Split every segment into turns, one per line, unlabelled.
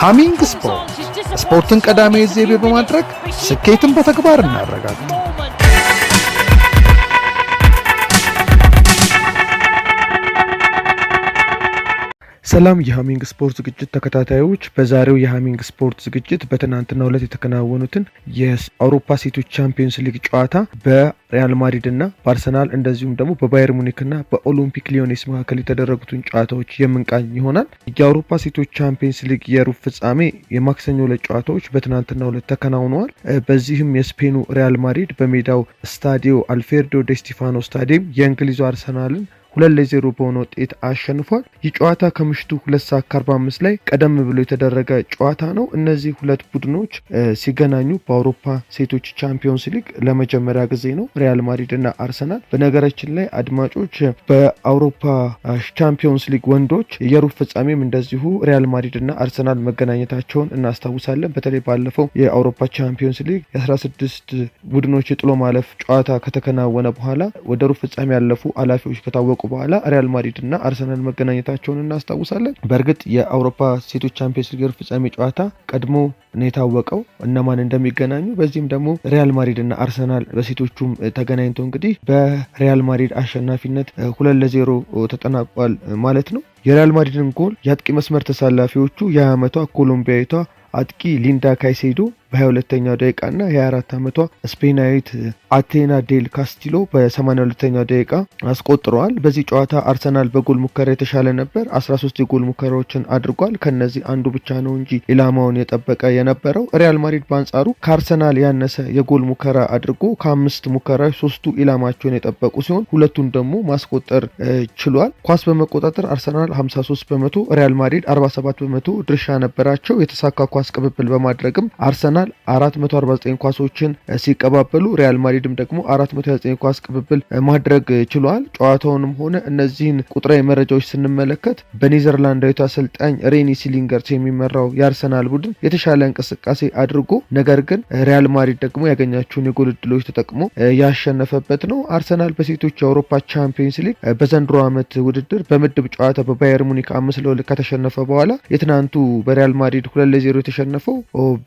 ሃሚንግ ስፖርት ስፖርትን ቀዳሚ ዘይቤ በማድረግ ስኬትን በተግባር እናረጋግጥ። ሰላም የሃሚንግ ስፖርት ዝግጅት ተከታታዮች፣ በዛሬው የሃሚንግ ስፖርት ዝግጅት በትናንትናው ዕለት የተከናወኑትን የአውሮፓ ሴቶች ቻምፒዮንስ ሊግ ጨዋታ በሪያል ማድሪድ እና በአርሰናል እንደዚሁም ደግሞ በባየር ሙኒክ እና በኦሎምፒክ ሊዮኔስ መካከል የተደረጉትን ጨዋታዎች የምንቃኝ ይሆናል። የአውሮፓ ሴቶች ቻምፒዮንስ ሊግ የሩብ ፍጻሜ የማክሰኞ ዕለት ጨዋታዎች በትናንትናው ዕለት ተከናውነዋል። በዚህም የስፔኑ ሪያል ማድሪድ በሜዳው ስታዲዮ አልፌርዶ ዴስቲፋኖ ስታዲየም የእንግሊዙ አርሰናልን ሁለት ለዜሮ በሆነ ውጤት አሸንፏል። ይህ ጨዋታ ከምሽቱ ሁለት ሰዓት 45 ላይ ቀደም ብሎ የተደረገ ጨዋታ ነው። እነዚህ ሁለት ቡድኖች ሲገናኙ በአውሮፓ ሴቶች ቻምፒዮንስ ሊግ ለመጀመሪያ ጊዜ ነው ሪያል ማድሪድ እና አርሰናል። በነገራችን ላይ አድማጮች በአውሮፓ ቻምፒዮንስ ሊግ ወንዶች የሩብ ፍጻሜም እንደዚሁ ሪያል ማድሪድ እና አርሰናል መገናኘታቸውን እናስታውሳለን። በተለይ ባለፈው የአውሮፓ ቻምፒዮንስ ሊግ የ16 ቡድኖች የጥሎ ማለፍ ጨዋታ ከተከናወነ በኋላ ወደ ሩብ ፍጻሜ ያለፉ አላፊዎች ከታወቁ በኋላ ሪያል ማድሪድ እና አርሰናል መገናኘታቸውን እናስታውሳለን። በእርግጥ የአውሮፓ ሴቶች ቻምፒየንስ ሊግ ፍጻሜ ጨዋታ ቀድሞ ነው የታወቀው እነማን እንደሚገናኙ። በዚህም ደግሞ ሪያል ማድሪድ እና አርሰናል በሴቶቹም ተገናኝቶ እንግዲህ በሪያል ማድሪድ አሸናፊነት ሁለት ለዜሮ ተጠናቋል ማለት ነው። የሪያል ማድሪድን ጎል የአጥቂ መስመር ተሳላፊዎቹ የ20 ዓመቷ ኮሎምቢያዊቷ አጥቂ ሊንዳ ካይሴዶ በ22ኛው ደቂቃ እና የ24 ዓመቷ ስፔናዊት አቴና ዴል ካስቲሎ በ82ኛው ደቂቃ አስቆጥረዋል። በዚህ ጨዋታ አርሰናል በጎል ሙከራ የተሻለ ነበር። 13 የጎል ሙከራዎችን አድርጓል። ከነዚህ አንዱ ብቻ ነው እንጂ ኢላማውን የጠበቀ የነበረው። ሪያል ማድሪድ በአንጻሩ ከአርሰናል ያነሰ የጎል ሙከራ አድርጎ ከአምስት ሙከራዎች ሶስቱ ኢላማቸውን የጠበቁ ሲሆን ሁለቱን ደግሞ ማስቆጠር ችሏል። ኳስ በመቆጣጠር አርሰናል 53 በመቶ፣ ሪያል ማድሪድ 47 በመቶ ድርሻ ነበራቸው። የተሳካ ኳስ ቅብብል በማድረግም አርሰናል 449 ኳሶችን ሲቀባበሉ ሪያል ማድሪድ መንገድም ደግሞ 429 ኳስ ቅብብል ማድረግ ችሏል። ጨዋታውንም ሆነ እነዚህን ቁጥራዊ መረጃዎች ስንመለከት በኔዘርላንዳዊቱ አሰልጣኝ ሬኒ ሲሊንገርስ የሚመራው የአርሰናል ቡድን የተሻለ እንቅስቃሴ አድርጎ ነገር ግን ሪያል ማድሪድ ደግሞ ያገኛቸውን የጎል እድሎች ተጠቅሞ ያሸነፈበት ነው። አርሰናል በሴቶች የአውሮፓ ቻምፒየንስ ሊግ በዘንድሮ ዓመት ውድድር በምድብ ጨዋታ በባየር ሙኒክ አምስት ለሁለት ከተሸነፈ በኋላ የትናንቱ በሪያል ማድሪድ ሁለት ለዜሮ የተሸነፈው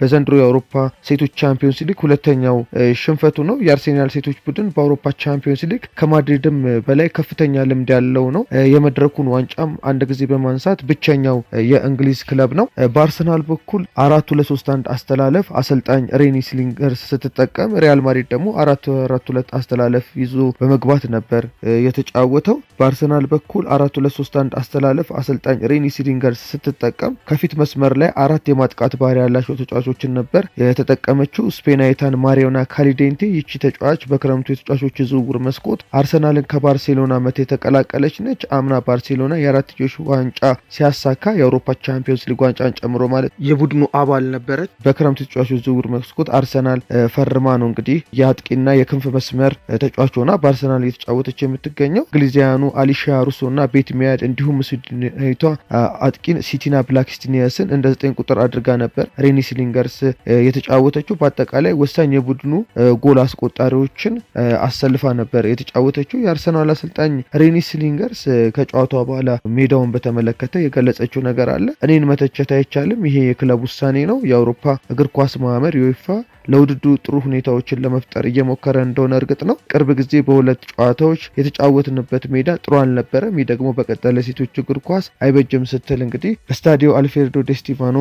በዘንድሮ የአውሮፓ ሴቶች ቻምፒየንስ ሊግ ሁለተኛው ሽንፈቱ ነው። የአርሴናል ሴቶች ቡድን በአውሮፓ ቻምፒዮንስ ሊግ ከማድሪድም በላይ ከፍተኛ ልምድ ያለው ነው። የመድረኩን ዋንጫም አንድ ጊዜ በማንሳት ብቸኛው የእንግሊዝ ክለብ ነው። በአርሰናል በኩል አራት ሁለት ሶስት አንድ አስተላለፍ አሰልጣኝ ሬኒ ስሊንገርስ ስትጠቀም፣ ሪያል ማድሪድ ደግሞ አራት አራት ሁለት አስተላለፍ ይዞ በመግባት ነበር የተጫወተው። በአርሰናል በኩል አራት ሁለት ሶስት አንድ አስተላለፍ አሰልጣኝ ሬኒ ስሊንገርስ ስትጠቀም ከፊት መስመር ላይ አራት የማጥቃት ባህሪ ያላቸው ተጫዋቾችን ነበር የተጠቀመችው። ስፔናዊቷን ማሪዮና ካሊዴንቴ ይቺ ተጫዋች በክረምቱ የተጫዋቾች ዝውውር መስኮት አርሰናልን ከባርሴሎና መት የተቀላቀለች ነች። አምና ባርሴሎና የአራትዮሽ ዋንጫ ሲያሳካ የአውሮፓ ቻምፒዮንስ ሊግ ዋንጫን ጨምሮ ማለት የቡድኑ አባል ነበረች። በክረምቱ የተጫዋቾች ዝውውር መስኮት አርሰናል ፈርማ ነው እንግዲህ የአጥቂና የክንፍ መስመር ተጫዋች ሆና በአርሰናል እየተጫወተች የምትገኘው እንግሊዛውያኑ አሊሺያ ሩሶና ቤት ሚያድ እንዲሁም ስዊድናዊቷ አጥቂን ሲቲና ብላክስቲኒየስን እንደ ዘጠኝ ቁጥር አድርጋ ነበር ሬኒ ሲሊንገርስ የተጫወተችው። በአጠቃላይ ወሳኝ የቡድኑ ጎል አስቆጥ ተቆጣሪዎችን አሰልፋ ነበር የተጫወተችው። የአርሰናል አሰልጣኝ ሬኒ ስሊንገርስ ከጨዋቷ በኋላ ሜዳውን በተመለከተ የገለጸችው ነገር አለ። እኔን መተቸት አይቻልም። ይሄ የክለብ ውሳኔ ነው። የአውሮፓ እግር ኳስ ማህበር ዩኤፋ ለውድድሩ ጥሩ ሁኔታዎችን ለመፍጠር እየሞከረ እንደሆነ እርግጥ ነው። ቅርብ ጊዜ በሁለት ጨዋታዎች የተጫወትንበት ሜዳ ጥሩ አልነበረም። ይህ ደግሞ በቀጠለ ሴቶች እግር ኳስ አይበጅም ስትል እንግዲህ በስታዲዮ አልፌርዶ ደስቲቫኖ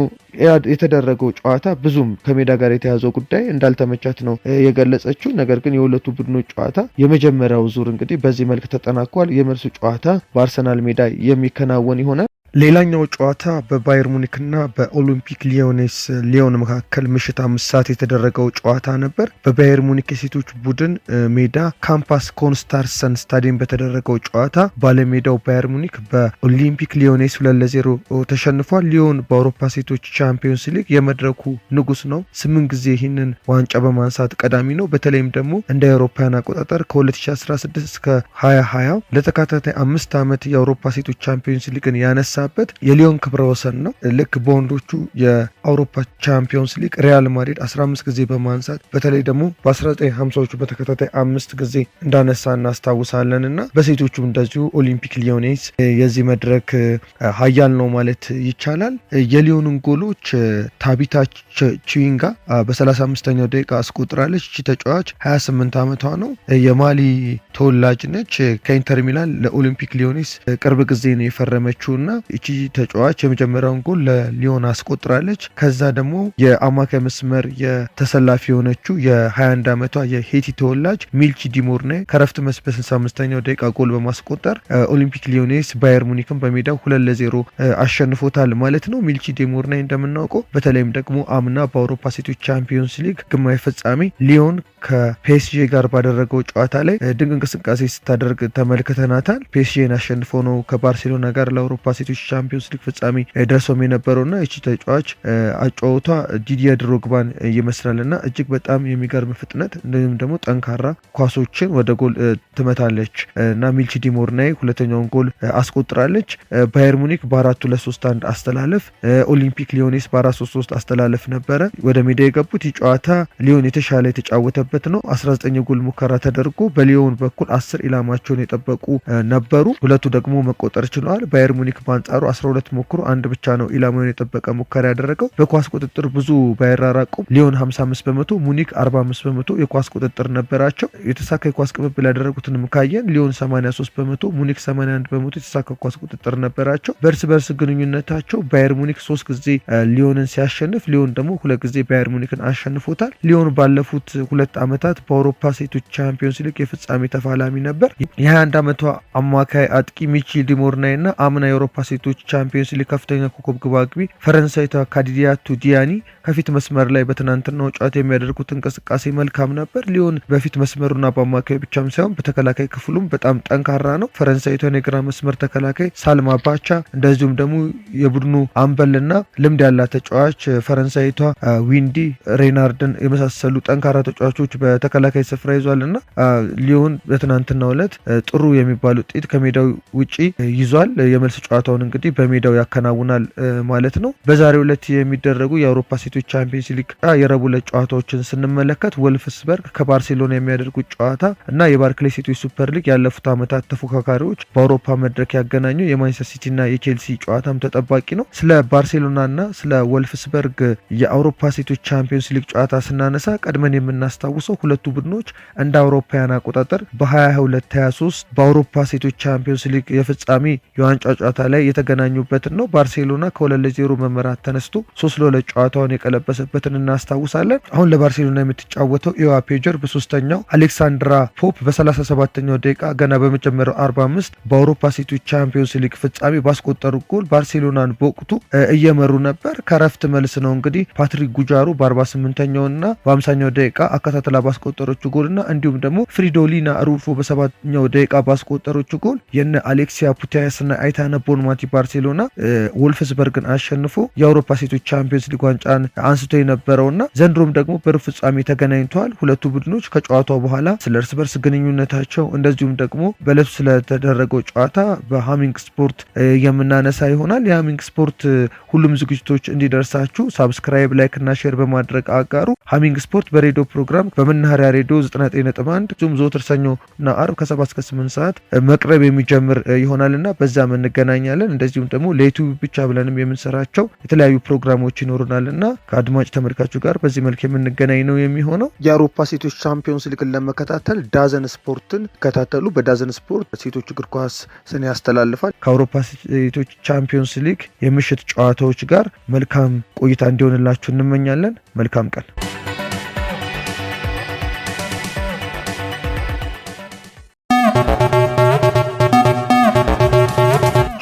የተደረገው ጨዋታ ብዙም ከሜዳ ጋር የተያዘው ጉዳይ እንዳልተመቻት ነው የገለጸችው። ነገር ግን የሁለቱ ቡድኖች ጨዋታ የመጀመሪያው ዙር እንግዲህ በዚህ መልክ ተጠናቋል። የመልሱ ጨዋታ በአርሰናል ሜዳ የሚከናወን ይሆናል። ሌላኛው ጨዋታ በባየር ሙኒክና በኦሎምፒክ ሊዮኔስ ሊዮን መካከል ምሽት አምስት ሰዓት የተደረገው ጨዋታ ነበር። በባየር ሙኒክ የሴቶች ቡድን ሜዳ ካምፓስ ኮንስታርሰን ስታዲየም በተደረገው ጨዋታ ባለሜዳው ባየር ሙኒክ በኦሊምፒክ ሊዮኔስ ሁለት ለዜሮ ተሸንፏል። ሊዮን በአውሮፓ ሴቶች ቻምፒዮንስ ሊግ የመድረኩ ንጉስ ነው። ስምንት ጊዜ ይህንን ዋንጫ በማንሳት ቀዳሚ ነው። በተለይም ደግሞ እንደ አውሮፓውያን አቆጣጠር ከ2016 እስከ 2020 ለተካታታይ አምስት ዓመት የአውሮፓ ሴቶች ቻምፒዮንስ ሊግን ያነሳ የተቀናበት የሊዮን ክብረ ወሰን ነው። ልክ በወንዶቹ የአውሮፓ ቻምፒዮንስ ሊግ ሪያል ማድሪድ 15 ጊዜ በማንሳት በተለይ ደግሞ በ1950ዎቹ በተከታታይ አምስት ጊዜ እንዳነሳ እናስታውሳለን እና በሴቶቹ እንደዚሁ ኦሊምፒክ ሊዮኔስ የዚህ መድረክ ሀያል ነው ማለት ይቻላል። የሊዮንን ጎሎች ታቢታ ቺዊንጋ በ35ኛው ደቂቃ አስቆጥራለች። እቺ ተጫዋች 28 ዓመቷ ነው። የማሊ ተወላጅ ነች። ከኢንተር ሚላን ለኦሊምፒክ ሊዮኔስ ቅርብ ጊዜ ነው የፈረመችው እና እቺ ተጫዋች የመጀመሪያውን ጎል ለሊዮን አስቆጥራለች። ከዛ ደግሞ የአማካይ መስመር የተሰላፊ የሆነችው የ21 ዓመቷ የሄቲ ተወላጅ ሚልቺ ዲሞርኔ ከረፍት መስ በ65ኛው ደቂቃ ጎል በማስቆጠር ኦሊምፒክ ሊዮኔስ ባየር ሙኒክን በሜዳው ሁለት ለዜሮ አሸንፎታል ማለት ነው። ሚልቺ ዲሞርኔ እንደምናውቀው በተለይም ደግሞ አምና በአውሮፓ ሴቶች ቻምፒዮንስ ሊግ ግማሽ ፍጻሜ ሊዮን ከፔስጄ ጋር ባደረገው ጨዋታ ላይ ድንቅ እንቅስቃሴ ስታደርግ ተመልክተናታል። ፔስጄን አሸንፎ ነው ከባርሴሎና ጋር ለአውሮፓ ሴቶች ቻምፒዮንስ ሊግ ፍጻሜ ደርሰውም ና እቺ ተጫዋች አጫወቷ ዲዲያ ድሮግባን ይመስላልና እጅግ በጣም የሚገርም ፍጥነት እንዲሁም ደግሞ ጠንካራ ኳሶችን ወደ ጎል ትመታለች እና ሚልቺ ዲሞርናይ ሁለተኛውን ጎል አስቆጥራለች። ባየር ሙኒክ በአራት ሁለት ሶስት አንድ አስተላለፍ ኦሊምፒክ ሊዮኔስ በአራት ሶስት ሶስት አስተላለፍ ነበረ ወደ ሜዳ የገቡት። ይህ ጨዋታ ሊዮን የተሻለ የተጫወተበት ነው። 19 ጎል ሙከራ ተደርጎ በሊዮን በኩል አስር ኢላማቸውን የጠበቁ ነበሩ። ሁለቱ ደግሞ መቆጠር ችለዋል። ባየር ሙኒክ አንጻሩ 12 ሞክሮ አንድ ብቻ ነው ኢላማውን የጠበቀ ሙከራ ያደረገው። በኳስ ቁጥጥር ብዙ ባይራራቁም ሊዮን 55 በመቶ ሙኒክ 45 በመቶ የኳስ ቁጥጥር ነበራቸው። የተሳካ የኳስ ቅብብል ያደረጉትንም ካየን ሊዮን 83 በመቶ ሙኒክ 81 በመቶ የተሳካ ኳስ ቁጥጥር ነበራቸው። በእርስ በርስ ግንኙነታቸው ባየር ሙኒክ ሶስት ጊዜ ሊዮንን ሲያሸንፍ ሊዮን ደግሞ ሁለት ጊዜ ባየር ሙኒክን አሸንፎታል። ሊዮን ባለፉት ሁለት ዓመታት በአውሮፓ ሴቶች ቻምፒዮንስ ሊግ የፍጻሜ ተፋላሚ ነበር። የ21 ዓመቷ አማካይ አጥቂ ሚቺ ዲሞርናይ እና አምና የአውሮፓ ሴቶች ቻምፒዮንስ ሊግ ከፍተኛ ኮከብ ግብ አግቢ ፈረንሳይቷ ካዲዲያ ቱዲያኒ ከፊት መስመር ላይ በትናንትናው ጨዋታ የሚያደርጉት እንቅስቃሴ መልካም ነበር። ሊዮን በፊት መስመሩና በአማካይ ብቻም ሳይሆን በተከላካይ ክፍሉም በጣም ጠንካራ ነው። ፈረንሳይቷን የግራ መስመር ተከላካይ ሳልማ ባቻ እንደዚሁም ደግሞ የቡድኑ አምበልና ልምድ ያላት ተጫዋች ፈረንሳይቷ ዊንዲ ሬናርድን የመሳሰሉ ጠንካራ ተጫዋቾች በተከላካይ ስፍራ ይዟል እና ሊዮን በትናንትናው ዕለት ጥሩ የሚባል ውጤት ከሜዳው ውጪ ይዟል። የመልስ ጨዋታውን እንግዲህ በሜዳው ያከናውናል ማለት ነው። በዛሬው ዕለት የሚደረጉ የአውሮፓ ሴቶች ቻምፒየንስ ሊግ የረቡዕ ዕለት ጨዋታዎችን ስንመለከት ወልፍስበርግ ከባርሴሎና የሚያደርጉት ጨዋታ እና የባርክሌ ሴቶች ሱፐር ሊግ ያለፉት ዓመታት ተፎካካሪዎች በአውሮፓ መድረክ ያገናኙ የማንቸስተር ሲቲና የቼልሲ ጨዋታም ተጠባቂ ነው። ስለ ባርሴሎናና ስለ ወልፍስበርግ የአውሮፓ ሴቶች ቻምፒየንስ ሊግ ጨዋታ ስናነሳ ቀድመን የምናስታውሰው ሁለቱ ቡድኖች እንደ አውሮፓውያን አቆጣጠር በ2223 በአውሮፓ ሴቶች ቻምፒየንስ ሊግ የፍጻሜ የዋንጫ ጨዋታ ላይ የተገናኙበትን ነው። ባርሴሎና ከሁለት ለዜሮ መመራት ተነስቶ ሶስት ለሁለት ጨዋታውን የቀለበሰበትን እናስታውሳለን። አሁን ለባርሴሎና የምትጫወተው ኢዋ ፔጀር በሶስተኛው አሌክሳንድራ ፖፕ በ37ኛው ደቂቃ ገና በመጀመሪያው 45 በአውሮፓ ሴቶች ቻምፒዮንስ ሊግ ፍጻሜ ባስቆጠሩ ጎል ባርሴሎናን በወቅቱ እየመሩ ነበር። ከረፍት መልስ ነው እንግዲህ ፓትሪክ ጉጃሩ በ48ኛው እና በ50ኛው ደቂቃ አካታተላ ባስቆጠሮች ጎል እና እንዲሁም ደግሞ ፍሪዶሊና ሩፎ በሰባኛው ደቂቃ ባስቆጠሮች ጎል የነ አሌክሲያ ፑቲያስ አይታነ ቦንማቲ ባርሴሎና ወልፍስበርግን አሸንፎ የአውሮፓ ሴቶች ቻምፒየንስ ሊግ ዋንጫን አንስቶ የነበረውና ዘንድሮም ደግሞ በሩብ ፍጻሜ ተገናኝተዋል። ሁለቱ ቡድኖች ከጨዋታው በኋላ ስለ እርስ በርስ ግንኙነታቸው እንደዚሁም ደግሞ በለፍ ስለተደረገው ጨዋታ በሃሚንግ ስፖርት የምናነሳ ይሆናል። የሃሚንግ ስፖርት ሁሉም ዝግጅቶች እንዲደርሳችሁ ሳብስክራይብ፣ ላይክ እና ሼር በማድረግ አጋሩ። ሃሚንግ ስፖርት በሬዲዮ ፕሮግራም በመናኸሪያ ሬዲዮ 991 ዙም ዘወትር ሰኞና አርብ ከ7 እስከ 8 ሰዓት መቅረብ የሚጀምር ይሆናልና በዛም እንገናኛለን። እንደዚሁም ደግሞ ለቱ ብቻ ብለንም የምንሰራቸው የተለያዩ ፕሮግራሞች ይኖሩናል እና ከአድማጭ ተመልካቹ ጋር በዚህ መልክ የምንገናኝ ነው የሚሆነው። የአውሮፓ ሴቶች ቻምፒዮንስ ሊግን ለመከታተል ዳዘን ስፖርትን ይከታተሉ። በዳዘን ስፖርት ሴቶች እግር ኳስ ስን ያስተላልፋል። ከአውሮፓ ሴቶች ቻምፒዮንስ ሊግ የምሽት ጨዋታዎች ጋር መልካም ቆይታ እንዲሆንላችሁ እንመኛለን። መልካም ቀን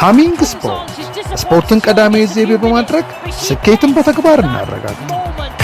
ሃሚንግ ስፖርት ስፖርትን ቀዳሚ ዘይቤ በማድረግ ስኬትን በተግባር እናረጋግጥ።